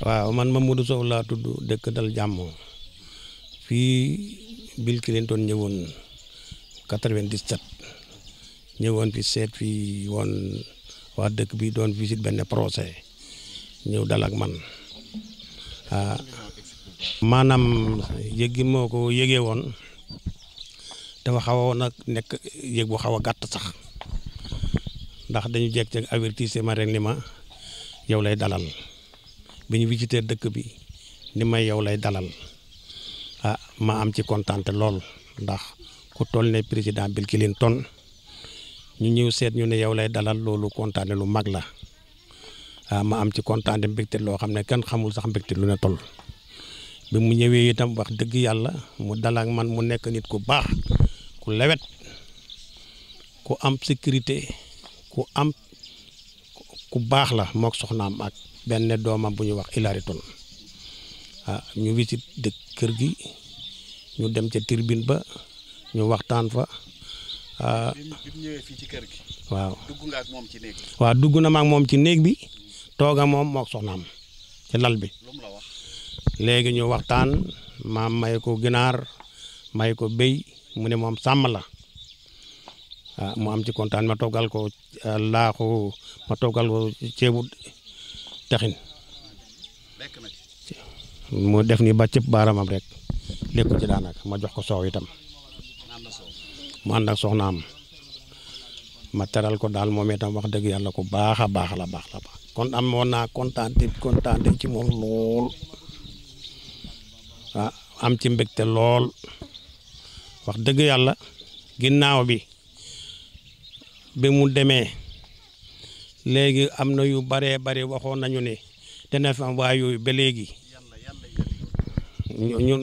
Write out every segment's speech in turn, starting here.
waaw man ma Mamadou Sow laa tudd dëkk dal jàmm fii Bill Clinton ñëwoon 97 ñëwoon fi seet fii woon waa dëkk bi doon visite benn procès ñëw dal ak man ah maanaam yëggi moo ko yëgee woon dafa xaw a nag nekk yëg bu xaw a gàtt sax ndax dañu jekk ci avertissement rek ni ma yow lay dalal bi ñu visité dëkk bi ni may yow lay dalal ah ma am ci kontaan lool ndax ku toll ne président Bill Clinton ñu ñëw seet ñu ne yow lay dalal loolu kontaane lu mag la ah ma am ci kontaane mbégte loo xam ne kenn xamul sax mbégte lu ne toll bi mu ñëwee itam wax dëgg yàlla mu dalak man mu nekk nit ku baax ku lewet ku am sécurité ku am ku baax la mook soxnaam ak benn doomam bu ñuy wax Ilaritun ah ñu wisit dëkk kër gi ñu dem ca tribune ba ñu waxtaan fa. Ah, ci kër gi. waaw dugg nga ak ci néeg bi. dugg na ma moom ci néeg bi tooga moom mook soxnaam ci lal bi. lu léegi ñu waxtaan maam may ko ginaar may ko béy mu ne moom sàmm la Ah, mu am ci kontaan ma toggal ko ah, laaxu ma toggal ko ceebu taxin mu def ni ba cëpp baaramam rek lekku ci daanaka ma jox ko soow itam mu ànd ak soxnaam ma teral ko daal moom itam wax dëgg yàlla ko baax a baax la baax la baax kon am woon naa kontaan kontaan ci moom lool ah am ci mbégte lool wax dëgg yàlla ginnaaw bi bi mu demee léegi am na yu baree bare waxoon nañu ne dana fi am waa yooyu ba léegi ñun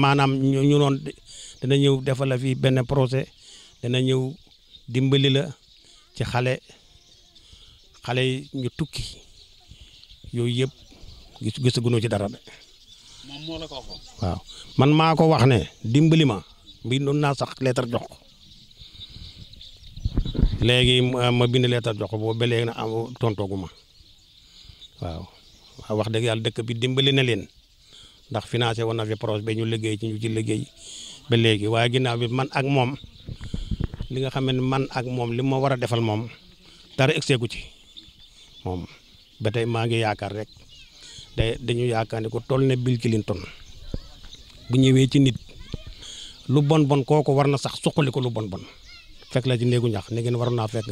maanaam ñu noon dana ñëw defal la fii benn projet dana ñëw dimbali la ci xale xale yi ñu tukki yooyu yëpp gis gisaguñu ci dara de. moo la ko man maa ko wax ne dimbali ma mbi doon naa sax lettre jox ko léegi ma bind leeta jox ko boobu ba léegi na am tontoogu ma waaw wax dëgg yàlla dëkk bi dimbali na leen ndax financé woon na fi projet ñu liggéey ci ñu ci liggéey ba léegi waaye ginnaaw bi man ak moom li nga xam man ak moom li ma war a defal moom dara egseeku ci moom ba tey maa ngi yaakaar rek da dañu yaakaar ne ku toll ne Bill Clinton bu ñëwee ci nit lu bon bon kooku war na sax suqali ko lu bon bon fekk la ci néegu ñax ne ngeen waroon naa fekk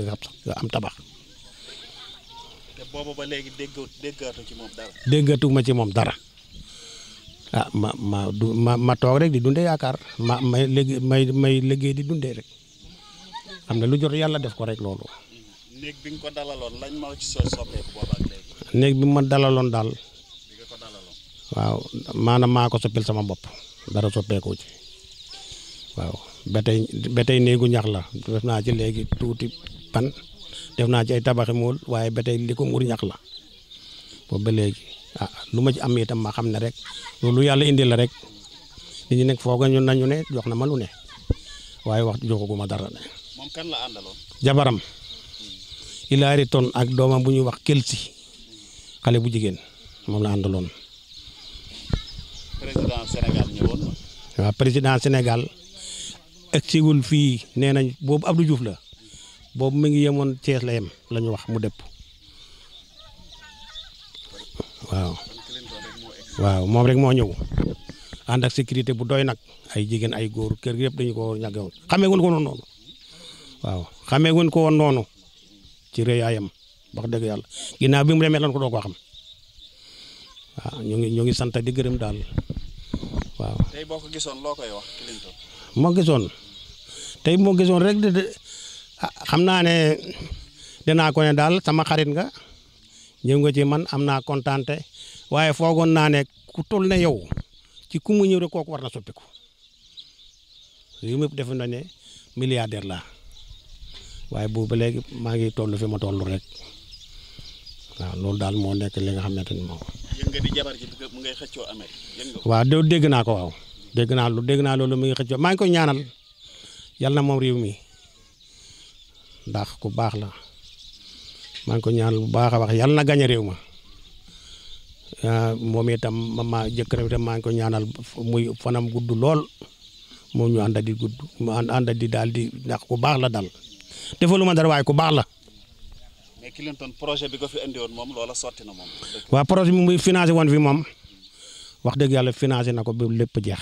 nga am tabax. te boobu ba léegi déggatu ci moom dara. ci moom dara ah ma ma du ma ma toog rek di dunde yaakaar ma may léegi may may liggéey di dundee rek xam na lu jot yàlla def ko rek loolu. néeg bi ko dalaloon lañ ma ci soo soppeeku boobu ak néeg bi ma dalaloon daal. waaw maanaam maa ko soppil sama bopp dara soppeeku ci waaw. ba tey ba tey néegu ñax la def naa ci léegi tuuti pan def naa ci ay tabaxi mool waaye ba tey li ko muur ñax la boobu ba léegi ah, lu ma ci am itam ma xam ne rek loolu yàlla indi la rek nit ñi nekk fooga ñu nañu ne jox na ma lu ne waaye wax joxuguma dara ne. moom kan la àndaloon. jabaram ilaari ton ak doomam bu ñuy wax kelsi xale bu jigéen moom la àndaloon. président Sénégal ñëwoon. waaw président Sénégal. ak fii nee nañ boobu Abdou juuf la boobu mi ngi yemoon Thiès la yem la ñu wax mu dëpp waaw waaw moom rek moo ñëw ànd ak sécurité bu doy nag ay jigéen ay góor kër gi yëpp dañu ko ñàgge woon xamee wuñ ko woon noonu waaw xamee wuñ ko woon noonu ci réyaayam wax dëgg yàlla ginnaaw bi mu demee lan ko doo ko xam waaw ñu ngi ñu ngi sant di gërëm daal waaw. tey boo ko gisoon loo koy wax Clinton. moo gisoon tey moo gisoon rek de ah, xam naa ne dinaa ko daal sama xarit nga ñëw nga ci man am naa kontaante waaye foogoon naa ne ku toll ne yow ci ku mu ñëw rek kooku war na soppiku lii yëpp defe na ne milliardaire la waaye boobu ba léegi maa ngi tollu fi ma toll rek waaw loolu daal moo nekk li nga xamante ni moom. waa nga di mu ngay xëccoo Amérique yëg nga dégg naa ko waaw dégg naa lu dégg naa loolu mu ngi xëccoo maa ngi ko ñaanal yàlla na moom réew mi ndax ku baax la maa ngi ko ñaanal bu baax a wax yàlla na gañe réew ma ah, moom itam ma jëkkëram itam maa ngi ko ñaanal muy fanam gudd lool moom ñu di gudd mu di daal di ndax ku baax la daal defaluma dara waaye mais Clinton projet bi ko fi indi woon moom loola sotti na moom. waaw projet bi muy financé woon fi moom wax dëgg yàlla financé na ko ba lépp jeex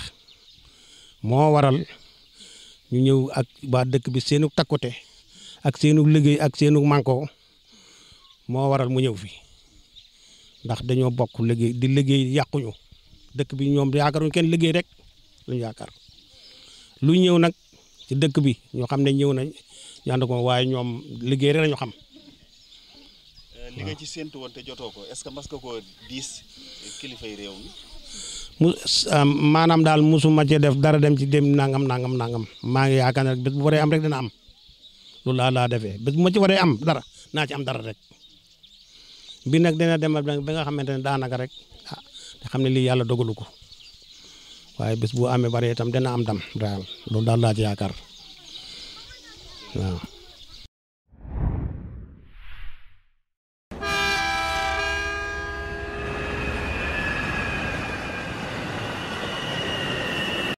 moo waral ñu ñëw ak waa dëkk bi seenu takkute ak seenu liggéey ak seenu manko moo waral mu ñëw fi ndax dañoo bokk liggéey di liggéey yàquñu dëkk bi ñoom yaakaaruñu kenn liggéey rek luñu yaakaar lu ñëw nag ci dëkk bi ñoo xam ne ñëw nañ ñu ko waaye ñoom liggéey rek la ñu xam. li nga ci séntu woon te jotoo ko est-ce que mas nga koo diis kilifay réew mi. mu maanaam daal musuma cee def dara dem ci dem nangam nangam nangam maa ngi yaakaar ne rek bés waree am rek dina am loolu laa laa defee bés ma ci waree am dara naa ci am dara rek bi nag dina demal ba nga xamante ne daanaka rek ah, xam ne lii yàlla dogalu ko waaye bés bu amee bari itam dina am dam daal loolu daal laa ci yaakaar waaw.